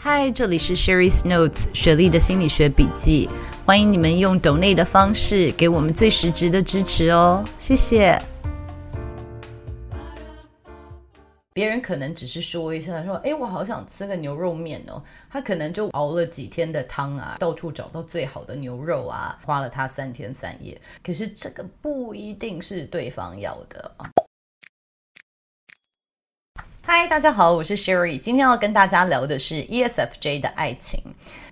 嗨，這裡是 Sherry's Notes 雪力的心理學筆記，歡迎你們用 donate 的方式給我們最實質的支持哦，謝謝。別人可能只是說一下，說，哎，我好想吃個牛肉麵哦，他可能就熬了幾天的湯啊，到處找到最好的牛肉啊，花了他三天三夜，可是這個不一定是對方要的。嗨，大家好，我是 Sherry，今天要跟大家聊的是 ESFJ 的愛情。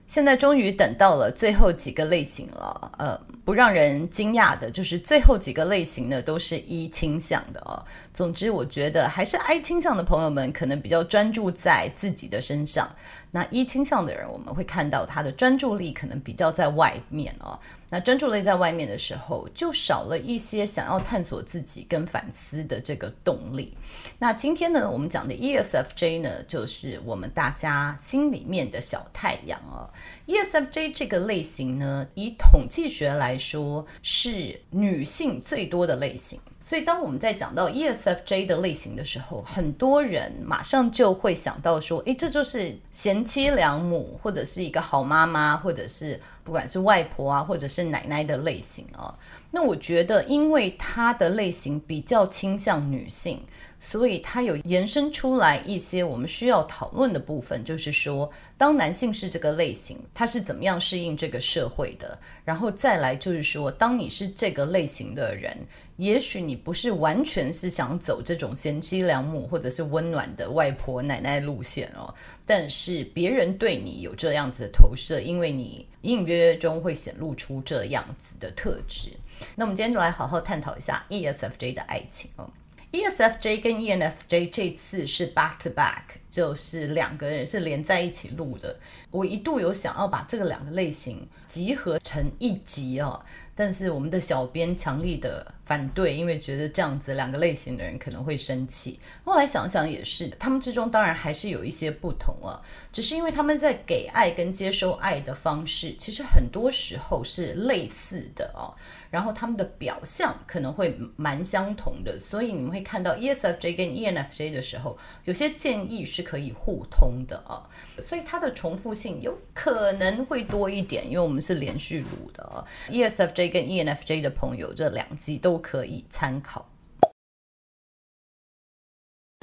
現在終於等到了最後幾個類型了，呃，不讓人驚訝的就是最後幾個類型呢都是 E 傾向的哦。總之，我覺得還是 I 傾向的朋友們可能比較專注在自己的身上。那 E 傾向的人，我們會看到他的專注力可能比較在外面哦。那專注力在外面的時候，就少了一些想要探索自己跟反思的這個動力。那今天呢，我們講的 ESFJ 呢，就是我們大家心裡面的小太陽哦。ESFJ 這個類型呢，以統計學來說，是女性最多的類型。所以，當我們在講到 ESFJ 的類型的時候，很多人馬上就會想到說：“誒，這就是賢妻良母，或者是一個好媽媽，或者是不管是外婆啊，或者是奶奶的類型哦、啊。”那我覺得，因為它的類型比較傾向女性，所以它有延伸出來一些我們需要討論的部分，就是說，當男性是這個類型，他是怎麼樣適應這個社會的？然後再來就是說，當你是這個類型的人。也許你不是完全是想走這種賢妻良母或者是溫暖的外婆奶奶路線哦，但是別人對你有這樣子的投射，因為你隱隱約約中會顯露出這樣子的特質。那我們今天就來好好探討一下 ESFJ 的愛情哦。ESFJ 跟 ENFJ 這次是 back to back，就是兩個人是連在一起錄的。我一度有想要把這個兩個類型集合成一集哦，但是我們的小編強力的反對，因為覺得這樣子兩個類型的人可能會生氣。後來想想也是，他們之中當然還是有一些不同了，啊，只是因為他們在給愛跟接受愛的方式，其實很多時候是類似的哦，啊。然後他們的表象可能會蠻相同的，所以你們會看到 ESFJ 跟 ENFJ 的時候，有些建議是可以互通的啊。所以它的重複性有可能會多一點，因為我們是連續錄的，啊。ESFJ 跟 ENFJ 的朋友，這兩集都。都可以參考。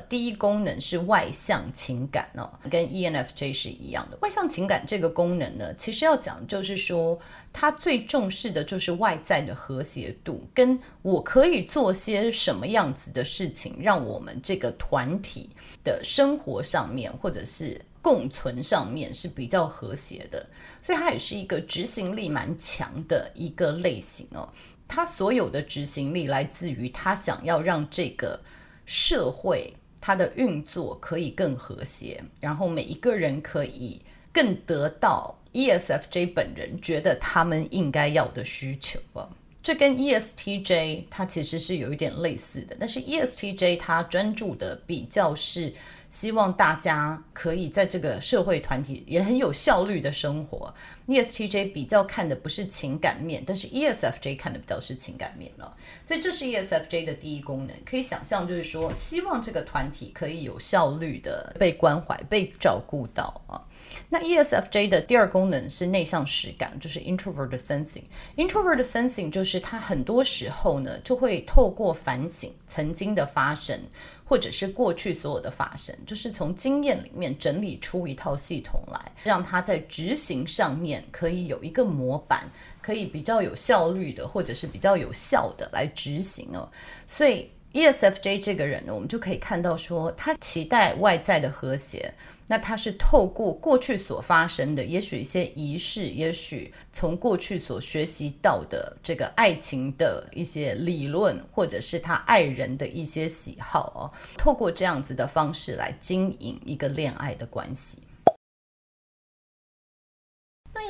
第一功能是外向情感哦，跟 ENFJ 是一樣的。外向情感這個功能呢，其實要講就是說，它最重視的就是外在的和諧度，跟我可以做些什麼樣子的事情，讓我們這個團體的生活上面或者是共存上面是比較和諧的。所以它也是一個執行力蠻強的一個類型哦。他所有的執行力來自於他想要讓這個社會它的運作可以更和諧，然後每一個人可以更得到 ESFJ 本人覺得他們應該要的需求啊。這跟 ESTJ 它其實是有一點類似的，但是 ESTJ 它專注的比較是。希望大家可以在這個社會團體也很有效率的生活。E S T J 比較看的不是情感面，但是 E S F J 看的比較是情感面了，哦。所以這是 E S F J 的第一功能，可以想象就是說，希望這個團體可以有效率的被關懷、被照顧到啊，哦。那 E S F J 的第二功能是內向實感，就是 Introverted Sensing。Introverted Sensing 就是他很多時候呢，就會透過反省曾經的發生。或者是過去所有的發生，就是從經驗裡面整理出一套系統來，讓它在執行上面可以有一個模板，可以比較有效率的，或者是比較有效的來執行哦。所以。ESFJ 這個人呢，我們就可以看到說，他期待外在的和諧，那他是透過過去所發生的，也許一些儀式，也許從過去所學習到的這個愛情的一些理論，或者是他愛人的一些喜好哦，透過這樣子的方式來經營一個戀愛的關係。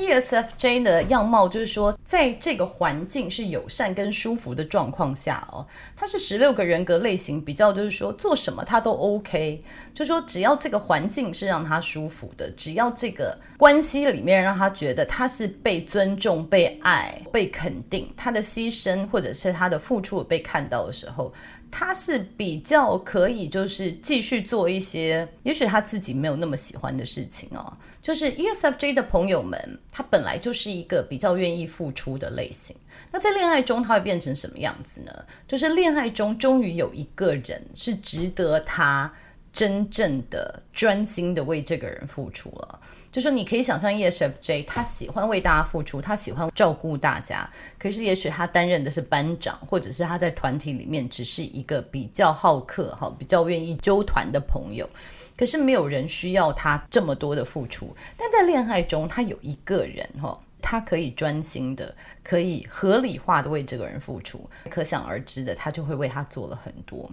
ESFJ 的樣貌就是說，在這個環境是友善跟舒服的狀況下哦，他是十六個人格類型比較，就是說做什麼他都 OK，就說只要這個環境是讓他舒服的，只要這個關係裡面讓他覺得他是被尊重、被愛、被肯定，他的犧牲或者是他的付出被看到的時候。他是比較可以，就是繼續做一些，也許他自己沒有那麼喜歡的事情哦。就是 ESFJ 的朋友們，他本來就是一個比較願意付出的類型。那在戀愛中，他會變成什麼樣子呢？就是戀愛中，終於有一個人是值得他。真正的專心的為這個人付出了，就說你可以想象，ESFJ 他喜歡為大家付出，他喜歡照顧大家，可是也許他擔任的是班長，或者是他在團體裡面只是一個比較好客、哈比較願意揪團的朋友，可是沒有人需要他這麼多的付出。但在戀愛中，他有一個人哈，他可以專心的，可以合理化的為這個人付出，可想而知的，他就會為他做了很多。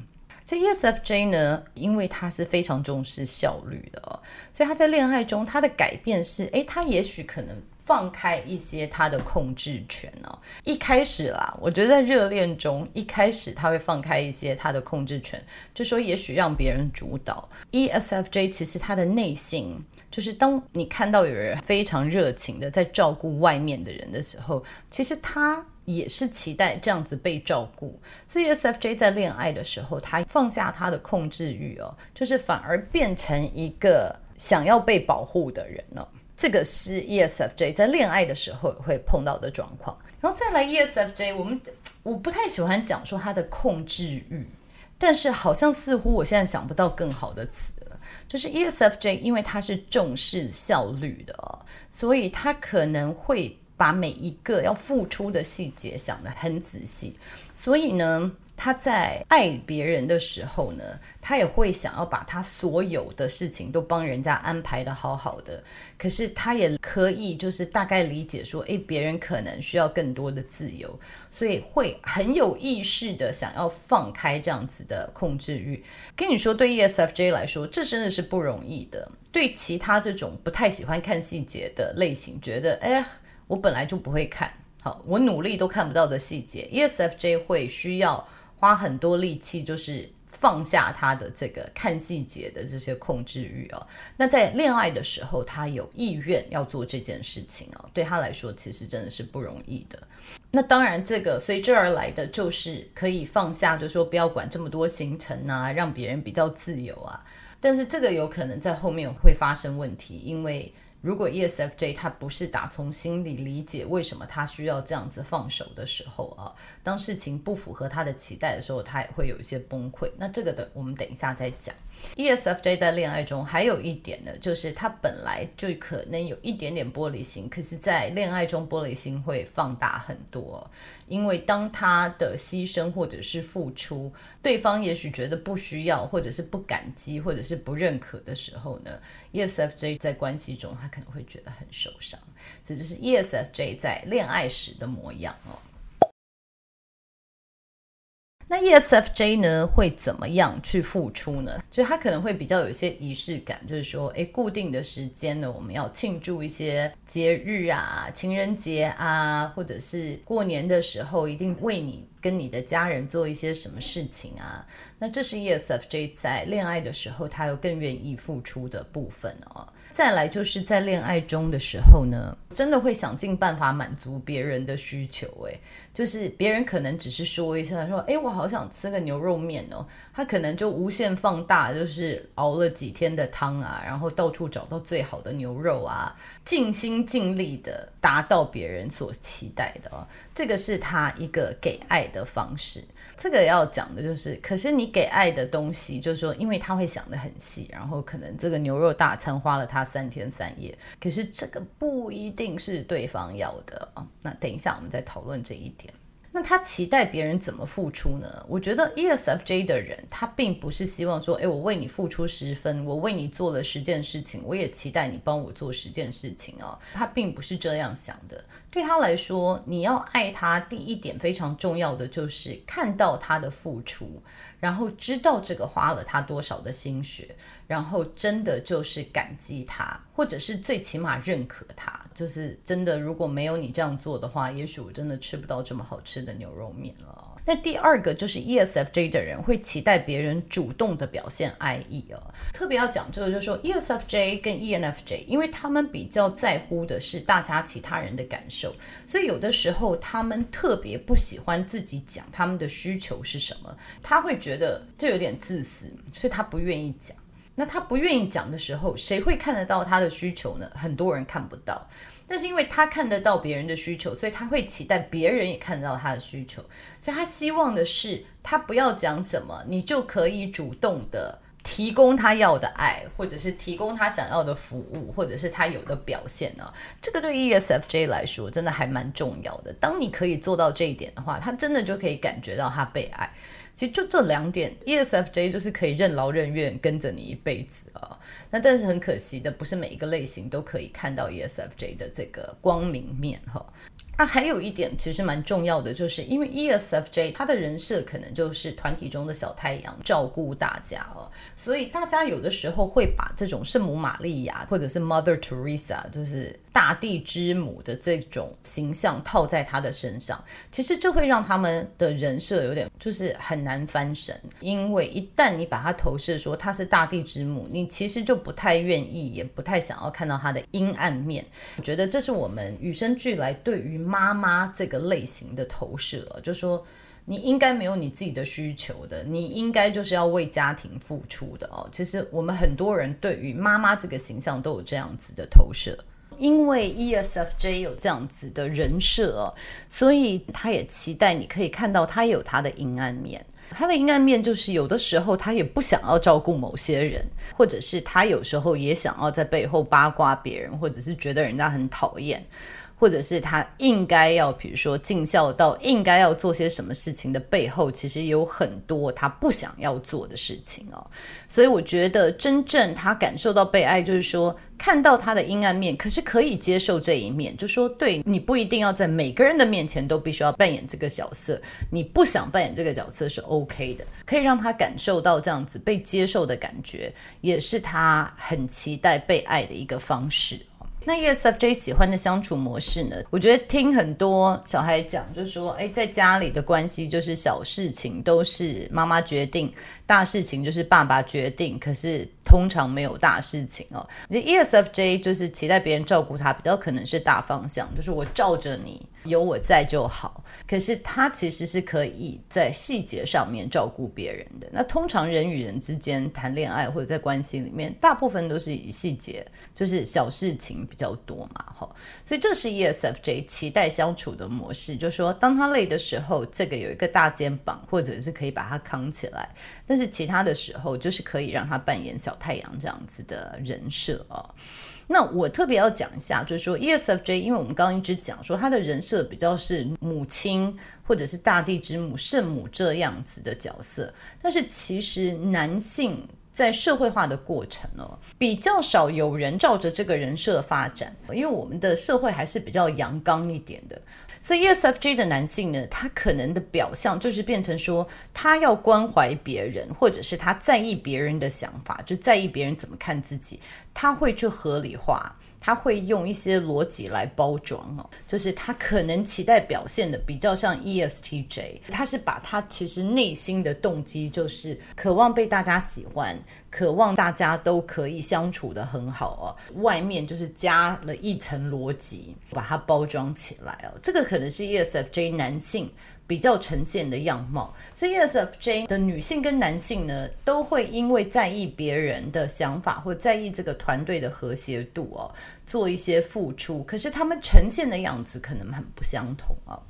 所以 ESFJ 呢，因為他是非常重視效率的哦，所以他在戀愛中他的改變是，哎，他也許可能放開一些他的控制權呢、哦。一開始啦，我覺得在熱戀中一開始他會放開一些他的控制權，就說也許讓別人主導。ESFJ 其實他的內心，就是當你看到有人非常熱情的在照顧外面的人的時候，其實他。也是期待這樣子被照顧，所以 ESFJ 在戀愛的時候，他放下他的控制欲哦，就是反而變成一個想要被保護的人了哦。這個是 ESFJ 在戀愛的時候會碰到的狀況。然後再來 ESFJ，我們我不太喜歡講說他的控制欲，但是好像似乎我現在想不到更好的詞了。就是 ESFJ，因為他是重視效率的哦，所以他可能會。把每一個要付出的細節想得很仔細，所以呢，他在愛別人的時候呢，他也會想要把他所有的事情都幫人家安排得好好的。可是他也可以就是大概理解說，哎，別人可能需要更多的自由，所以會很有意識地想要放開這樣子的控制欲。跟你說，對 ESFJ 來說，這真的是不容易的。對其他這種不太喜歡看細節的類型，覺得哎。誒我本來就不會看好，我努力都看不到的細節。ESFJ 會需要花很多力氣，就是放下他的這個看細節的這些控制欲哦。那在戀愛的時候，他有意願要做這件事情哦，對他來說其實真的是不容易的。那當然，這個隨之而來的就是可以放下，就說不要管這麼多行程啊，讓別人比較自由啊。但是這個有可能在後面會發生問題，因為。如果 ESFJ 他不是打從心裡理解，為什麼他需要這樣子放手的時候啊，當事情不符合他的期待的時候，他也會有一些崩潰。那這個的，我們等一下再講。ESFJ 在戀愛中還有一點呢，就是他本來就可能有一點點玻璃心，可是，在戀愛中玻璃心會放大很多哦，因為當他的犧牲或者是付出，對方也許覺得不需要，或者是不感激，或者是不認可的時候呢，ESFJ 在關係中他可能會覺得很受傷，所以這是 ESFJ 在戀愛時的模樣哦。那 ESFJ 呢會怎麼樣去付出呢？就是他可能會比較有一些儀式感，就是說，哎，固定的時間呢，我們要慶祝一些節日啊，情人節啊，或者是過年的時候，一定為你跟你的家人做一些什麼事情啊。那這是 ESFJ 在戀愛的時候，他又更願意付出的部分哦。再來就是在戀愛中的時候呢，真的會想盡辦法滿足別人的需求。誒，就是別人可能只是說一下說，誒，我好想吃個牛肉麵哦。他可能就無限放大，就是熬了幾天的湯啊，然後到處找到最好的牛肉啊，盡心盡力的達到別人所期待的喔。這個是他一個給愛的方式。這個要講的就是，可是你給愛的東西，就是說，因為他會想得很細，然後可能這個牛肉大餐花了他三天三夜，可是這個不一定是對方要的哦。那等一下我們再討論這一點。那他期待別人怎麼付出呢？我覺得 ESFJ 的人他並不是希望說，誒，我為你付出十分，我為你做了十件事情，我也期待你幫我做十件事情哦，他並不是這樣想的。對他來說，你要愛他，第一點非常重要的就是看到他的付出。然後知道這個花了他多少的心血，然後真的就是感激他，或者是最起碼認可他。就是真的，如果沒有你這樣做的話，也許我真的吃不到這麼好吃的牛肉麵了。那第二個就是 ESFJ 的人會期待別人主動的表現愛意哦。特別要講這個，就是說 ESFJ 跟 ENFJ，因為他們比較在乎的是大家其他人的感受，所以有的時候他們特別不喜歡自己講他們的需求是什麼，他會覺得這有點自私，所以他不願意講。那他不願意講的時候，誰會看得到他的需求呢？很多人看不到，但是因為他看得到別人的需求，所以他會期待別人也看得到他的需求，所以他希望的是他不要講什麼，你就可以主動的提供他要的愛，或者是提供他想要的服務，或者是他有的表現呢、啊？這個對 ESFJ 來說真的還蠻重要的。當你可以做到這一點的話，他真的就可以感覺到他被愛。其實就這兩點，ESFJ 就是可以任勞任怨跟着你一輩子啊、哦。那但是很可惜的，不是每一個類型都可以看到 ESFJ 的這個光明面哈、哦。那、啊、還有一點其實蠻重要的，就是因為 ESFJ 他的人設可能就是團體中的小太陽，照顧大家哦。所以大家有的時候會把這種聖母瑪利亞或者是 Mother Teresa，就是。大地之母的這種形象套在他的身上，其實這會讓他們的人設有點就是很難翻身。因為一旦你把他投射說他是大地之母，你其實就不太願意，也不太想要看到他的陰暗面。我覺得這是我們與生俱來對於媽媽這個類型的投射，就說你應該沒有你自己的需求的，你應該就是要為家庭付出的哦。其實我們很多人對於媽媽這個形象都有這樣子的投射。因為 ESFJ 有這樣子的人設，所以他也期待你可以看到他有他的陰暗面。他的陰暗面就是有的時候他也不想要照顧某些人，或者是他有時候也想要在背後八卦別人，或者是覺得人家很討厭。或者是他應該要，比如說盡孝道，應該要做些什麼事情的背後，其實有很多他不想要做的事情哦。所以我覺得，真正他感受到被愛，就是說看到他的陰暗面，可是可以接受這一面，就說，對，你不一定要在每個人的面前都必須要扮演這個角色，你不想扮演這個角色是 OK 的，可以讓他感受到這樣子被接受的感覺，也是他很期待被愛的一個方式。那 ESFJ 喜歡的相處模式呢？我覺得聽很多小孩講，就說，哎，在家裡的關係就是小事情都是媽媽決定，大事情就是爸爸決定。可是通常沒有大事情哦。你 ESFJ 就是期待別人照顧他，比較可能是大方向，就是我罩着你。有我在就好，可是他其實是可以在細節上面照顧別人的。那通常人與人之間談戀愛或者在關係裡面，大部分都是以細節，就是小事情比較多嘛，哈。所以這是 ESFJ 期待相處的模式，就是說當他累的時候，這個有一個大肩膀，或者是可以把他扛起來；但是其他的時候，就是可以讓他扮演小太陽這樣子的人設哦。那我特別要講一下，就是說，ESFJ，因為我們剛剛一直講說他的人設比較是母親或者是大地之母、聖母這樣子的角色，但是其實男性在社會化的過程哦，比較少有人照着這個人設發展，因為我們的社會還是比較陽剛一點的。所以 ESFJ 的男性呢，他可能的表象就是變成說，他要關懷別人，或者是他在意別人的想法，就在意別人怎麼看自己，他會去合理化。他會用一些邏輯來包裝哦，就是他可能期待表現的比較像 ESTJ，他是把他其實內心的動機，就是渴望被大家喜歡，渴望大家都可以相處得很好哦，外面就是加了一層邏輯，把它包裝起來哦，這個可能是 ESFJ 男性。比較呈現的樣貌，所以 ESFJ 的女性跟男性呢，都會因為在意別人的想法或在意這個團隊的和諧度哦、喔，做一些付出。可是他們呈現的樣子可能很不相同啊、喔。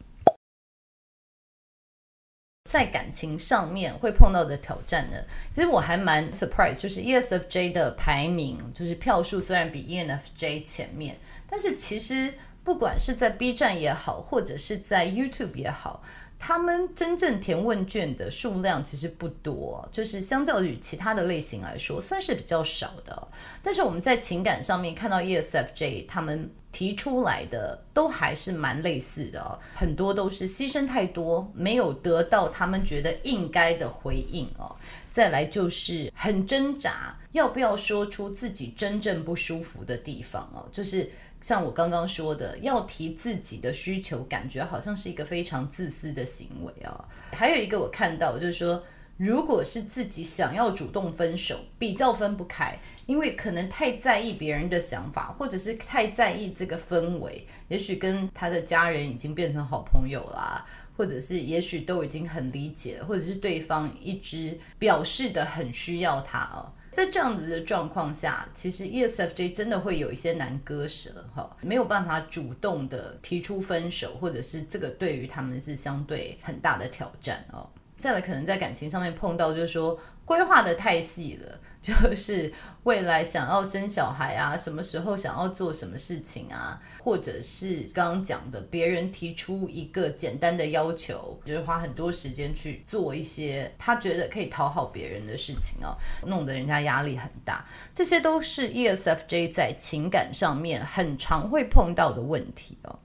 在感情上面會碰到的挑戰呢，其實我還蠻 surprise，就是 ESFJ 的排名，就是票數雖然比 ENFJ 前面，但是其實不管是在 B 站也好，或者是在 YouTube 也好，他們真正填問卷的數量其實不多，就是相較於其他的類型來說，算是比較少的。但是我們在情感上面看到 ESFJ 他們提出來的都還是蠻類似的哦，很多都是犧牲太多，沒有得到他們覺得應該的回應哦。再來就是很掙扎，要不要說出自己真正不舒服的地方哦，就是。像我剛剛說的，要提自己的需求，感覺好像是一個非常自私的行為哦，還有一個我看到就是說，如果是自己想要主動分手，比較分不開，因為可能太在意別人的想法，或者是太在意這個氛圍。也許跟他的家人已經變成好朋友啦啊，或者是也許都已經很理解了，或者是對方一直表示得很需要他哦。在這樣子的狀況下，其實 ESFJ 真的會有一些難割捨哈，沒有辦法主動的提出分手，或者是這個對於他們是相對很大的挑戰哦。再來，可能在感情上面碰到，就是說規劃的太細了。就是未來想要生小孩啊，什麼時候想要做什麼事情啊，或者是剛剛講的別人提出一個簡單的要求，就是花很多時間去做一些他覺得可以討好別人的事情哦，弄得人家壓力很大。這些都是 ESFJ 在情感上面很常會碰到的問題哦。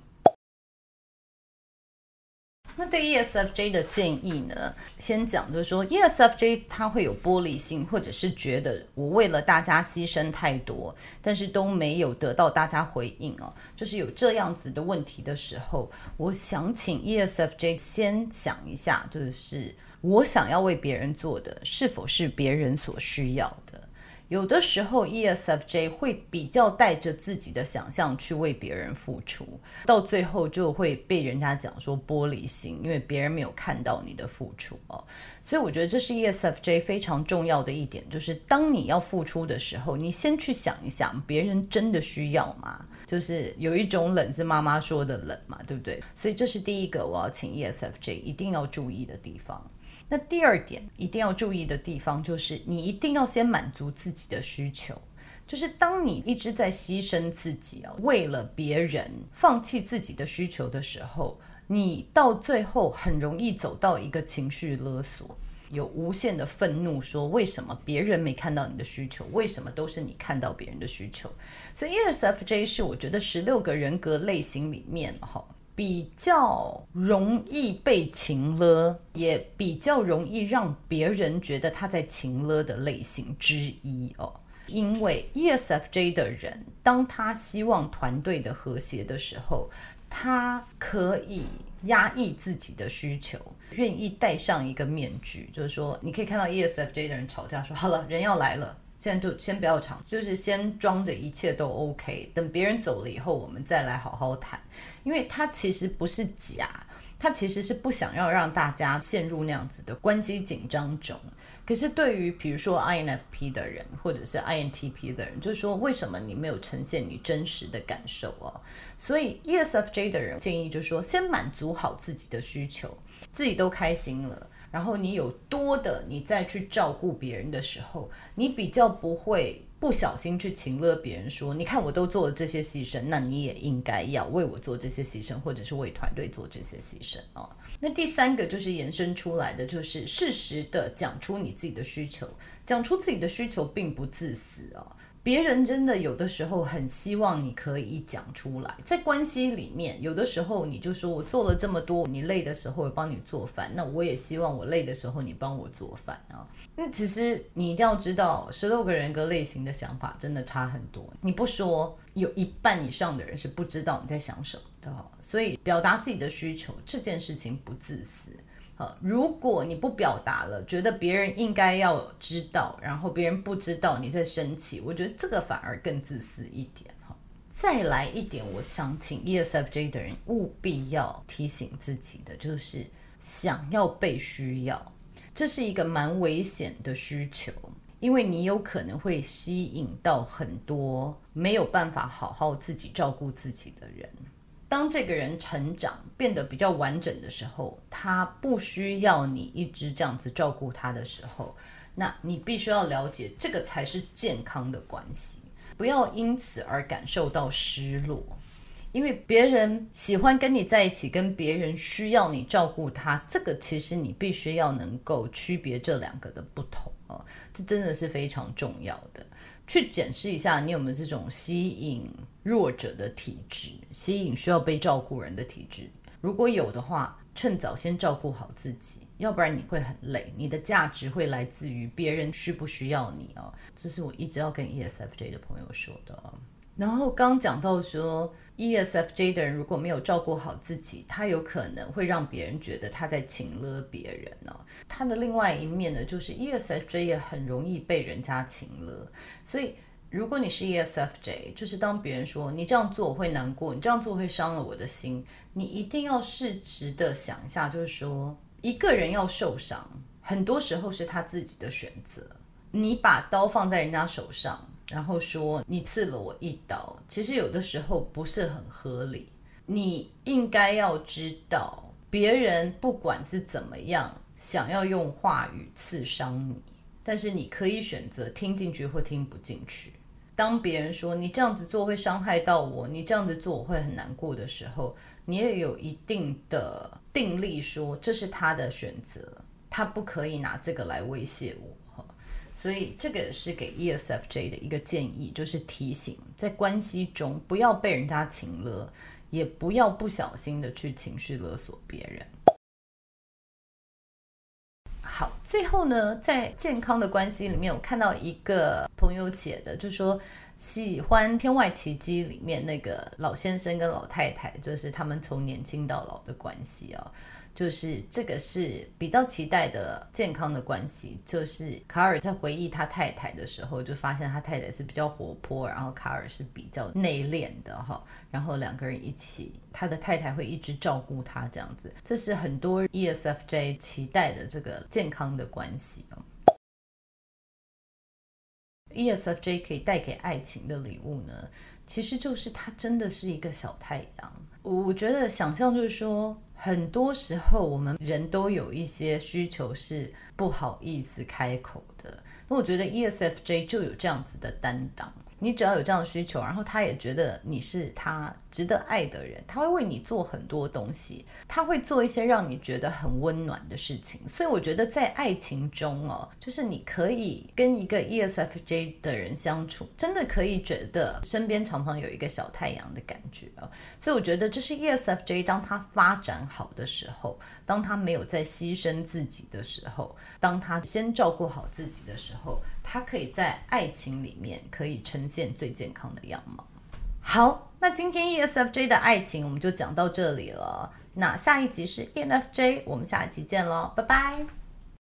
那對 ESFJ 的建議呢？先講就是說，ESFJ 他會有玻璃心，或者是覺得我為了大家犧牲太多，但是都沒有得到大家回應哦，就是有這樣子的問題的時候，我想請 ESFJ 先想一下，就是我想要為別人做的是否是別人所需要的。有的時候，ESFJ 會比較帶着自己的想象去為別人付出，到最後就會被人家講說玻璃心，因為別人沒有看到你的付出哦。所以我覺得這是 ESFJ 非常重要的一點，就是當你要付出的時候，你先去想一想，別人真的需要嗎？就是有一種冷是媽媽說的冷嘛，對不對？所以這是第一個，我要請 ESFJ 一定要注意的地方。那第二點一定要注意的地方就是，你一定要先滿足自己的需求。就是當你一直在犧牲自己啊，為了別人放棄自己的需求的時候，你到最後很容易走到一個情緒勒索，有無限的憤怒，說為什麼別人沒看到你的需求，為什麼都是你看到別人的需求？所以 ESFJ 是我覺得十六個人格類型裡面哈。比較容易被情勒，也比較容易讓別人覺得他在情勒的類型之一哦。因為 ESFJ 的人，當他希望團隊的和諧的時候，他可以壓抑自己的需求，願意戴上一個面具，就是說，你可以看到 ESFJ 的人吵架說：“好了，人要來了。”現在就先不要吵，就是先裝着一切都 OK，等別人走了以後，我們再來好好談。因為他其實不是假，他其實是不想要讓大家陷入那樣子的關係緊張中。可是對於比如說 INFP 的人或者是 INTP 的人，就說，為什麼你沒有呈現你真實的感受哦、啊？所以 ESFJ 的人建議就是說，先滿足好自己的需求，自己都開心了。然後你有多的，你再去照顧別人的時候，你比較不會不小心去情勒別人說，你看我都做了這些犧牲，那你也應該要為我做這些犧牲，或者是為團隊做這些犧牲哦。那第三個就是延伸出來的，就是適時的講出你自己的需求，講出自己的需求並不自私哦。別人真的有的時候很希望你可以講出來，在關係裡面，有的時候你就說：“我做了這麼多，你累的時候我幫你做飯。”那我也希望我累的時候你幫我做飯啊。那其實你一定要知道，十六個人格類型的想法真的差很多。你不說，有一半以上的人是不知道你在想什麼的。所以，表達自己的需求這件事情不自私。好，如果你不表達了，覺得別人應該要知道，然後別人不知道你在生氣，我覺得這個反而更自私一點。好，再來一點，我想請 ESFJ 的人務必要提醒自己的，就是想要被需要，這是一個蠻危險的需求，因為你有可能會吸引到很多沒有辦法好好自己照顧自己的人。當這個人成長變得比較完整的時候，他不需要你一直這樣子照顧他的時候，那你必須要了解，這個才是健康的關係。不要因此而感受到失落，因為別人喜歡跟你在一起，跟別人需要你照顧他，這個其實你必須要能夠區別這兩個的不同哦，這真的是非常重要的。去檢視一下，你有沒有這種吸引弱者的體質，吸引需要被照顧人的體質。如果有的話，趁早先照顧好自己，要不然你會很累。你的價值會來自於別人需不需要你哦？這是我一直要跟 ESFJ 的朋友說的哦。然後剛講到說，ESFJ 的人如果沒有照顧好自己，他有可能會讓別人覺得他在情勒別人哦。他的另外一面呢，就是 ESFJ 也很容易被人家情勒。所以如果你是 ESFJ，就是當別人說你這樣做我會難過，你這樣做會傷了我的心，你一定要適時的想一下，就是說一個人要受傷，很多時候是他自己的選擇。你把刀放在人家手上。然後說你刺了我一刀，其實有的時候不是很合理。你應該要知道，別人不管是怎麼樣，想要用話語刺傷你，但是你可以選擇聽進去或聽不進去。當別人說你這樣子做會傷害到我，你這樣子做我會很難過的時候，你也有一定的定力，說這是他的選擇，他不可以拿這個來威脅我。所以這個是給 ESFJ 的一個建議，就是提醒在關係中不要被人家情勒，也不要不小心的去情緒勒索別人。好，最後呢，在健康的關係裡面，我看到一個朋友寫的，就說喜歡《天外奇蹟》裡面那個老先生跟老太太，就是他們從年輕到老的關係啊、哦。就是這個是比較期待的健康的關係。就是卡爾在回憶他太太的時候，就發現他太太是比較活潑，然後卡爾是比較內斂的哈。然後兩個人一起，他的太太會一直照顧他這樣子。這是很多 ESFJ 期待的這個健康的關係。ESFJ 可以帶給愛情的禮物呢，其實就是他真的是一個小太陽。我我覺得想象就是說。很多時候，我們人都有一些需求是不好意思開口的。那我覺得 ESFJ 就有這樣子的擔當。你只要有這樣的需求，然後他也覺得你是他值得愛的人，他會為你做很多東西，他會做一些讓你覺得很溫暖的事情。所以我覺得在愛情中哦，就是你可以跟一個 ESFJ 的人相處，真的可以覺得身邊常常有一個小太陽的感覺哦。所以我覺得這是 ESFJ 當他發展好的時候，當他沒有在犧牲自己的時候，當他先照顧好自己的時候。它可以在愛情裡面可以呈現最健康的樣貌。好，那今天 ESFJ 的愛情我們就講到這裡了。那下一集是 ENFJ，我們下一集見嘍，拜拜。